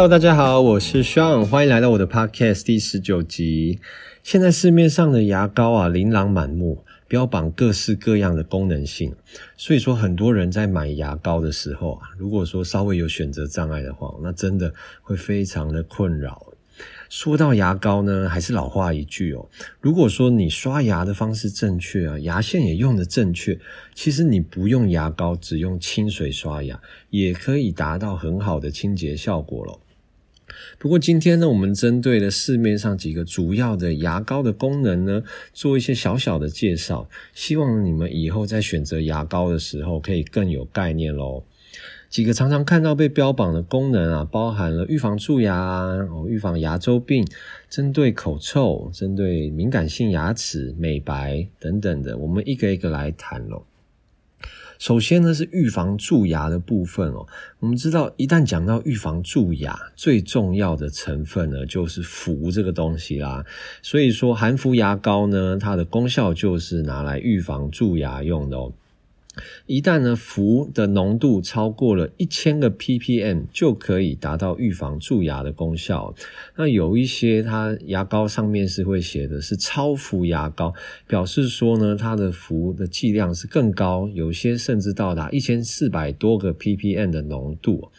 Hello，大家好，我是 Sean，歡迎來到我的 Podcast 第十九集。現在市面上的牙膏啊，琳琅滿目，標榜各式各樣的功能性，所以說很多人在買牙膏的時候啊，如果說稍微有選擇障礙的話，那真的會非常的困擾。說到牙膏呢，還是老話一句哦，如果說你刷牙的方式正確啊，牙線也用得正確，其實你不用牙膏，只用清水刷牙，也可以達到很好的清潔效果了。不過今天呢，我們針對了市面上幾個主要的牙膏的功能呢，做一些小小的介紹，希望你們以後在選擇牙膏的時候可以更有概念嘍。幾個常常看到被標榜的功能啊，包含了預防蛀牙、預防牙周病、針對口臭、針對敏感性牙齒、美白等等的，我們一個一個來談嘍。首先呢，是預防蛀牙的部分哦。我們知道，一旦講到預防蛀牙，最重要的成分呢，就是氟這個東西啦、啊。所以說，含氟牙膏呢，它的功效就是拿來預防蛀牙用的哦。一旦呢氟的濃度超過了一千個 ppm，就可以達到預防蛀牙的功效。那有一些它牙膏上面是會寫的是超氟牙膏，表示說呢它的氟的劑量是更高，有些甚至到達一千四百多個 ppm 的濃度。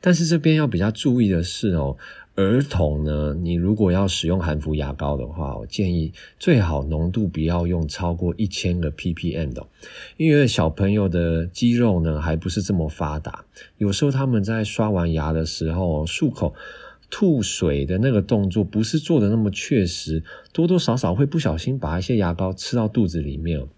但是這邊要比較注意的是哦，兒童呢，你如果要使用含氟牙膏的話，我建議最好濃度不要用超過一千個 ppm 的哦，因為小朋友的肌肉呢還不是這麼發達，有時候他們在刷完牙的時候漱口吐水的那個動作不是做的那麼確實，多多少少會不小心把一些牙膏吃到肚子裡面哦。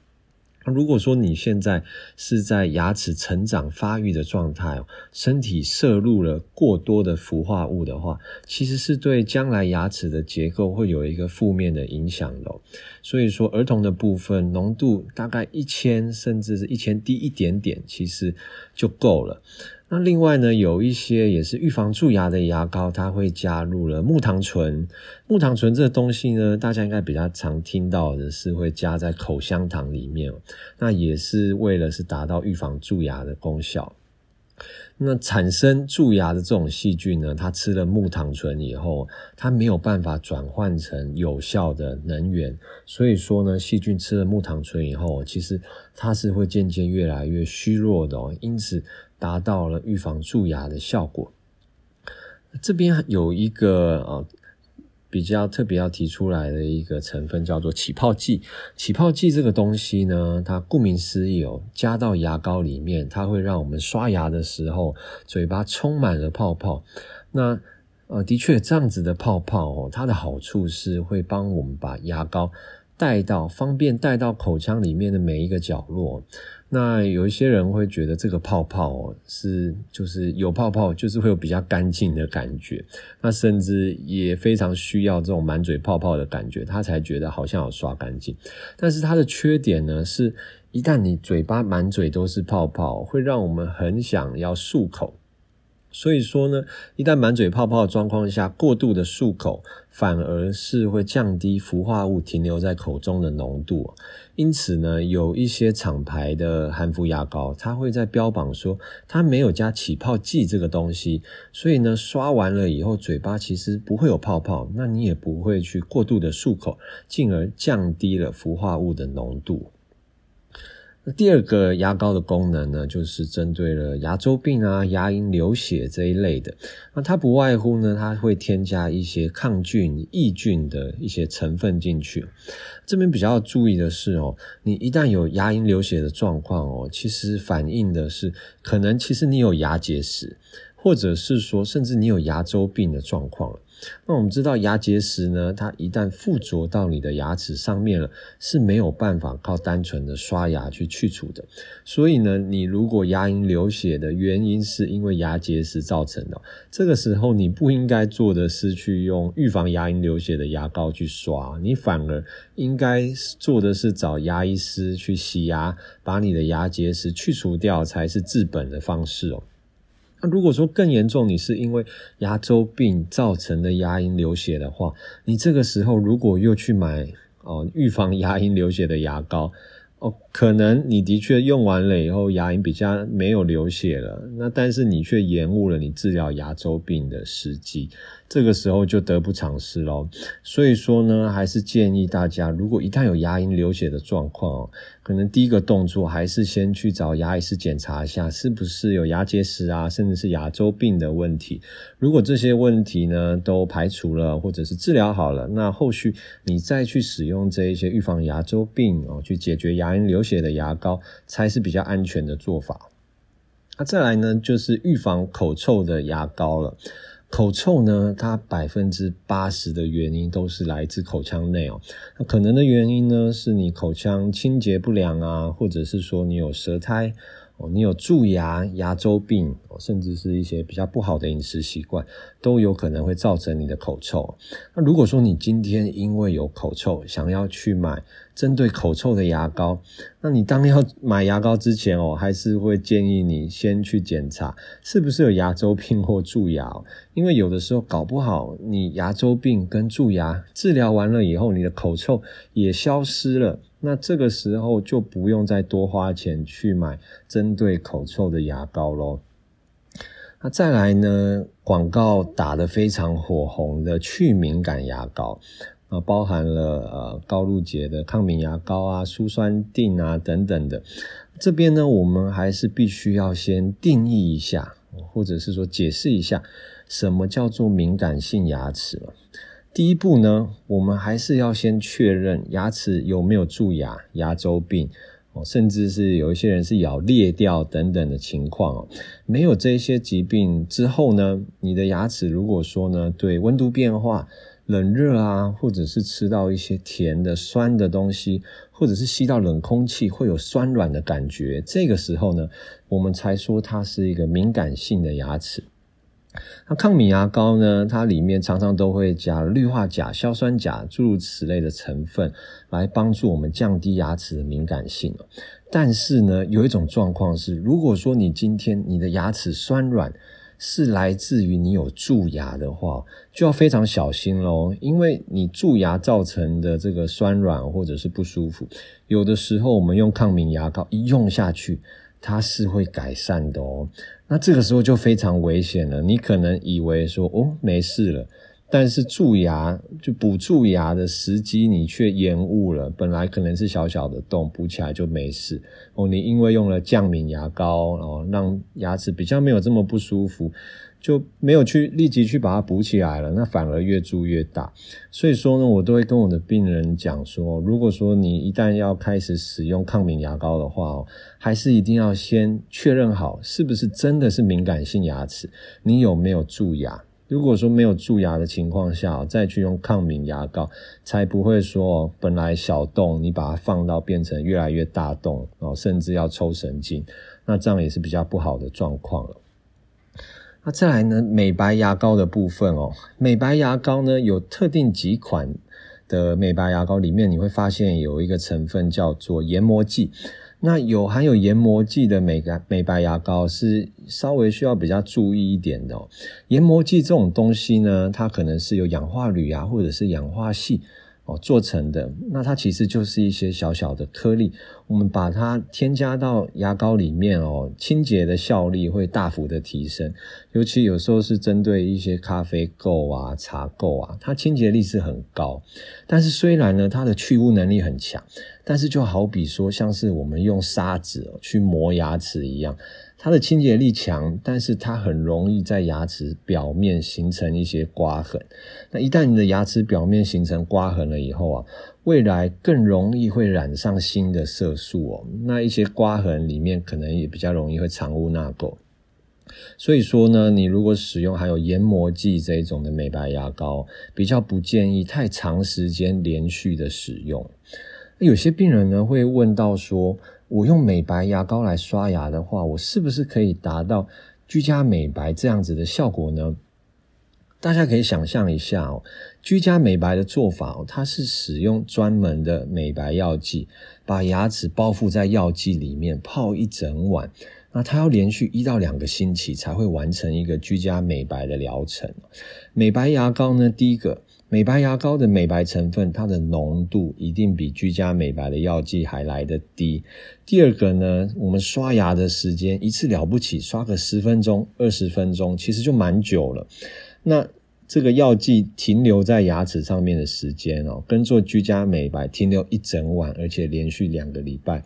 那如果說你現在是在牙齒成長發育的狀態，身體攝入了過多的氟化物的話，其實是對將來牙齒的結構會有一個負面的影響的。所以說，兒童的部分濃度大概一千，甚至是一千低一點點，其實就夠了。那另外呢，有一些也是預防蛀牙的牙膏，它會加入了木糖醇。木糖醇這個東西呢，大家應該比較常聽到的是會加在口香糖裡面，那也是為了是達到預防蛀牙的功效。那產生蛀牙的這種細菌呢，它吃了木糖醇以後，它沒有辦法轉換成有效的能源，所以說呢，細菌吃了木糖醇以後，其實它是會漸漸越來越虛弱的哦，因此達到了預防蛀牙的效果。這邊有一個呃、哦。比較特別要提出來的一個成分叫做起泡劑。起泡劑這個東西呢，它顧名思義哦，加到牙膏裡面，它會讓我們刷牙的時候嘴巴充滿了泡泡。那呃，的確這樣子的泡泡哦，它的好處是會幫我們把牙膏，帶到，方便帶到口腔裡面的每一個角落。那有一些人會覺得這個泡泡是就是有泡泡，就是會有比較乾淨的感覺。那甚至也非常需要這種滿嘴泡泡的感覺，他才覺得好像有刷乾淨。但是它的缺點呢，是一旦你嘴巴滿嘴都是泡泡，會讓我們很想要漱口。所以說呢，一旦滿嘴泡泡的狀況下，過度的漱口反而是會降低氟化物停留在口中的濃度。因此呢，有一些廠牌的含氟牙膏，它會在標榜說它沒有加起泡劑這個東西，所以呢，刷完了以後嘴巴其實不會有泡泡，那你也不會去過度的漱口，進而降低了氟化物的濃度。第二個牙膏的功能呢，就是針對了牙周病啊、牙齦流血這一類的。那它不外乎呢，它會添加一些抗菌、抑菌的一些成分進去。這邊比較要注意的是哦，你一旦有牙齦流血的狀況哦，其實反映的是可能其實你有牙結石。或者是說，甚至你有牙周病的狀況。那我們知道牙結石呢，它一旦附着到你的牙齒上面了，是沒有辦法靠單純的刷牙去去除的。所以呢，你如果牙齦流血的原因是因為牙結石造成的，這個時候你不應該做的是去用預防牙齦流血的牙膏去刷，你反而應該做的是找牙醫師去洗牙，把你的牙結石去除掉才是治本的方式哦。那、啊、如果說更嚴重，你是因為牙周病造成的牙齦流血的話，你這個時候如果又去買哦預防牙齦流血的牙膏，哦，可能你的確用完了以後牙齦比較沒有流血了，那但是你卻延誤了你治療牙周病的時機，這個時候就得不償失咯。所以說呢，還是建議大家，如果一旦有牙齦流血的狀況，可能第一個動作還是先去找牙醫師檢查一下，是不是有牙結石啊，甚至是牙周病的問題。如果這些問題呢都排除了，或者是治療好了，那後續你再去使用這一些預防牙周病哦，去解決牙齦流血的牙膏才是比較安全的做法。那、啊、再來呢，就是預防口臭的牙膏了。口臭呢，它百分之八十的原因都是來自口腔內哦。那可能的原因呢，是你口腔清潔不良啊，或者是說你有舌苔。你有蛀牙、牙周病，甚至是一些比較不好的飲食習慣，都有可能會造成你的口臭。那如果說你今天因為有口臭，想要去買針對口臭的牙膏，那你當要買牙膏之前哦，還是會建議你先去檢查是不是有牙周病或蛀牙，因為有的時候搞不好你牙周病跟蛀牙治療完了以後，你的口臭也消失了。那這個時候就不用再多花錢去買針對口臭的牙膏嘍。那再來呢，廣告打得非常火紅的去敏感牙膏啊、呃，包含了呃高露潔的抗敏牙膏啊、舒酸定啊等等的。這邊呢，我們還是必須要先定義一下，或者是說解釋一下，什麼叫做敏感性牙齒。第一步呢，我們還是要先確認牙齒有沒有蛀牙、牙周病哦，甚至是有一些人是咬裂掉等等的情況哦。沒有這些疾病之後呢，你的牙齒如果說呢，對溫度變化、冷熱啊，或者是吃到一些甜的酸的東西，或者是吸到冷空氣會有酸軟的感覺，這個時候呢，我們才說它是一個敏感性的牙齒。那抗敏牙膏呢？它裡面常常都會加氯化鉀、硝酸鉀諸如此類的成分，來幫助我們降低牙齒的敏感性。但是呢，有一種狀況是，如果說你今天你的牙齒酸軟是來自於你有蛀牙的話，就要非常小心嘍，因為你蛀牙造成的這個酸軟或者是不舒服，有的時候我們用抗敏牙膏一用下去。它是會改善的哦，那這個時候就非常危險了。你可能以為說，哦，沒事了，但是蛀牙就補蛀牙的時機你卻延誤了。本來可能是小小的洞，補起來就沒事。哦，你因為用了降敏牙膏，然後讓牙齒比較沒有這麼不舒服。就沒有去立即去把它補起來了，那反而越蛀越大。所以說呢，我都會跟我的病人講說，如果說你一旦要開始使用抗敏牙膏的話哦，還是一定要先確認好是不是真的是敏感性牙齒，你有沒有蛀牙。如果說沒有蛀牙的情況下，再去用抗敏牙膏，才不會說本來小洞你把它放到變成越來越大洞哦，甚至要抽神經，那這樣也是比較不好的狀況了。那、啊、再來呢，美白牙膏的部分哦，美白牙膏呢有特定幾款的美白牙膏，裡面你會發現有一個成分叫做研磨劑。那有含有研磨劑的美白美白牙膏是稍微需要比較注意一點的哦。研磨劑這種東西呢，它可能是有氧化鋁啊，或者是氧化矽。做成的，那它其實就是一些小小的顆粒，我們把它添加到牙膏裡面哦，清潔的效率會大幅的提升，尤其有時候是針對一些咖啡垢啊、茶垢啊，它清潔力是很高。但是雖然呢，它的去污能力很強。但是就好比說，像是我們用砂紙去磨牙齒一樣，它的清潔力強，但是它很容易在牙齒表面形成一些刮痕。那一旦你的牙齒表面形成刮痕了以後啊，未來更容易會染上新的色素哦。那一些刮痕裡面可能也比較容易會藏污納垢。所以說呢，你如果使用含有研磨劑這種的美白牙膏，比較不建議太長時間連續的使用。有些病人呢會問到說：“我用美白牙膏來刷牙的話，我是不是可以達到居家美白這樣子的效果呢？”大家可以想象一下哦，居家美白的做法哦，它是使用專門的美白藥劑，把牙齒包覆在藥劑裡面泡一整晚。那它要連續一到兩個星期才會完成一個居家美白的療程。美白牙膏呢，第一個。美白牙膏的美白成分，它的濃度一定比居家美白的藥劑還來得低。第二個呢，我們刷牙的時間一次了不起，刷個十分鐘、二十分鐘，其實就蠻久了。那這個藥劑停留在牙齒上面的時間哦，跟做居家美白停留一整晚，而且連續兩個禮拜，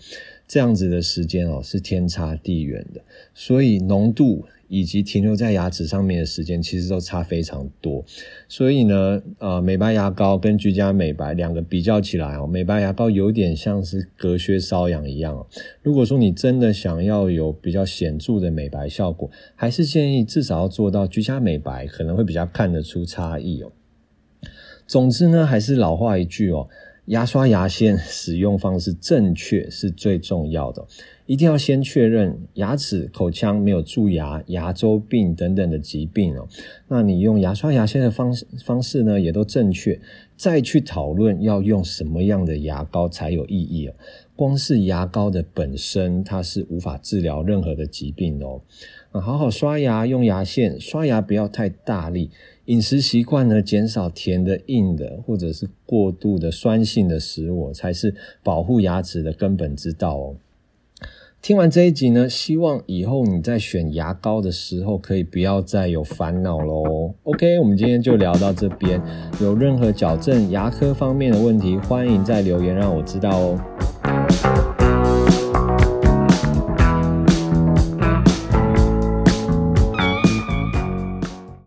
這樣子的時間哦，是天差地遠的。所以濃度。以及停留在牙齒上面的時間其實都差非常多，所以呢，呃，美白牙膏跟居家美白兩個比較起來哦，美白牙膏有點像是隔靴搔癢一樣哦，如果說你真的想要有比較顯著的美白效果，還是建議至少要做到居家美白，可能會比較看得出差異哦。總之呢，還是老話一句哦。牙刷牙線使用方式正確是最重要的，一定要先確認牙齒口腔沒有蛀牙、牙周病等等的疾病哦。那你用牙刷牙線的方方式呢，也都正確，再去討論要用什麼樣的牙膏才有意義哦。光是牙膏的本身，它是無法治療任何的疾病的哦。好好刷牙，用牙線，刷牙不要太大力。飲食習慣呢，減少甜的、硬的，或者是過度的酸性的食物，才是保護牙齒的根本之道哦。聽完這一集呢，希望以後你在選牙膏的時候，可以不要再有煩惱咯。OK，我們今天就聊到這邊，有任何矯正牙科方面的問題，歡迎在留言讓我知道哦。